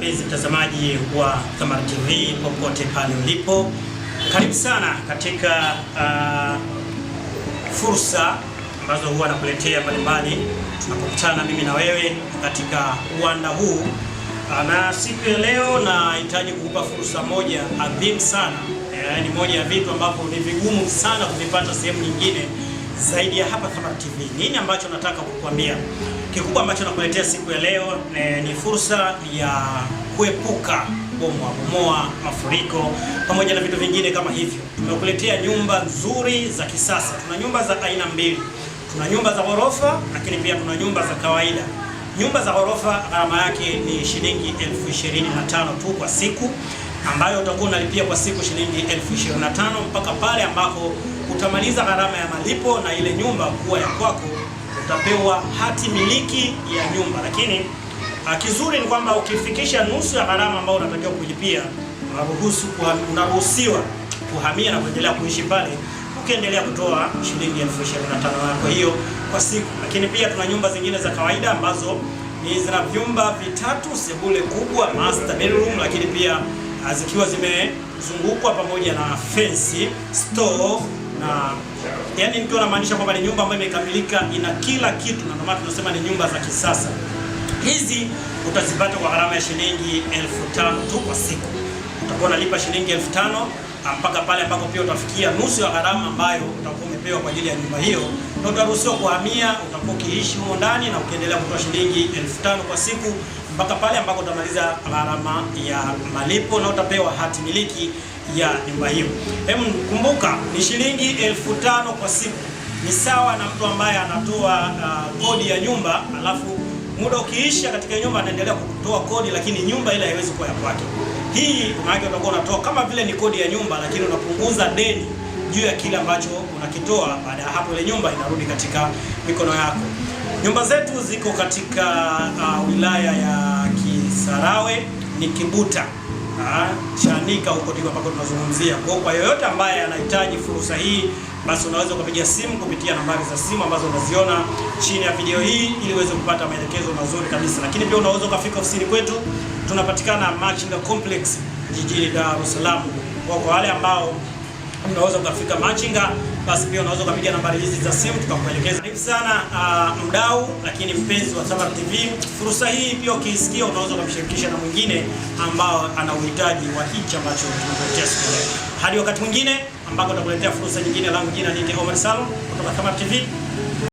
mpenzi mtazamaji wa Thamara TV popote pale ulipo, karibu sana katika uh, fursa ambazo huwa nakuletea mbalimbali tunapokutana mimi na wewe katika uwanda huu, uh, na siku ya leo nahitaji kukupa fursa moja adhimu sana. E, ni moja ya vitu ambavyo ni vigumu sana kuvipata sehemu nyingine zaidi ya hapa Thabara TV. Nini ambacho nataka kukuambia? Kikubwa ambacho nakuletea siku ya leo ne, eh, ni fursa ya kuepuka bomoa bomoa, mafuriko pamoja na vitu vingine kama hivyo. Tumekuletea nyumba nzuri za kisasa. Tuna nyumba za aina mbili, tuna nyumba za ghorofa, lakini pia tuna nyumba za kawaida. Nyumba za ghorofa gharama yake ni shilingi elfu ishirini na tano tu kwa siku, ambayo utakuwa unalipia kwa siku shilingi elfu ishirini na tano mpaka pale ambako utamaliza gharama ya malipo na ile nyumba kuwa ya kwako, utapewa hati miliki ya nyumba. Lakini ah, kizuri ni kwamba ukifikisha nusu ya gharama ambayo unatakiwa kulipia, unaruhusiwa kuhamia na kuendelea kuishi pale, ukiendelea kutoa shilingi elfu ishirini na tano kwa hiyo kwa siku. Lakini pia tuna nyumba zingine za kawaida ambazo ni zina vyumba vitatu, sebule kubwa, master bedroom, lakini pia ah, zikiwa zimezungukwa pamoja na fence, store na yani, nikiwa namaanisha kwamba ni nyumba ambayo imekamilika, ina kila kitu, na ndio maana tunasema ni nyumba za kisasa. Hizi utazipata kwa gharama ya shilingi elfu tano tu kwa siku. Utakuwa unalipa shilingi elfu tano ah, mpaka pale ambapo pia utafikia nusu ya gharama ambayo utakuwa umepewa kwa ajili ya nyumba hiyo, na utaruhusiwa kuhamia. Utakuwa ukiishi humo ndani na ukiendelea kutoa shilingi elfu tano kwa siku mpaka pale ambako utamaliza gharama ya malipo na utapewa hati miliki ya nyumba hiyo. Hem, kumbuka ni shilingi elfu tano kwa siku, ni sawa na mtu ambaye anatoa uh, kodi uh, ya nyumba alafu muda ukiisha katika nyumba anaendelea kutoa kodi, lakini nyumba ile haiwezi kuwa ya kwake. Hii maana utakuwa unatoa kama vile ni kodi ya nyumba, lakini unapunguza deni juu ya kile ambacho unakitoa. Baada ya hapo, ile nyumba inarudi katika mikono yako. Nyumba zetu ziko katika uh, wilaya ya Kisarawe ni Kibuta ah, Chanika, huko ndiko ambako tunazungumzia. Kwa kwa yoyote ambaye anahitaji fursa hii, basi unaweza ukapiga simu kupitia nambari za simu ambazo unaziona chini ya video hii ili uweze kupata maelekezo mazuri kabisa, lakini pia unaweza ukafika ofisini kwetu. Tunapatikana Machinga Complex jijini Dar es Salaam, kwa wale ambao unaweza ukafika machinga, basi pia unaweza ukapiga nambari hizi za simu tukakuelekeza. Karibu sana uh, mdau lakini mpenzi wa Sabar TV, fursa hii pia ukiisikia unaweza ukamshirikisha na mwingine ambao ana uhitaji wa hichi ambacho tunakuletea siku leo. Hadi wakati mwingine ambako tutakuletea fursa nyingine. Langu jina ni Omar Salum kutoka Sabar TV.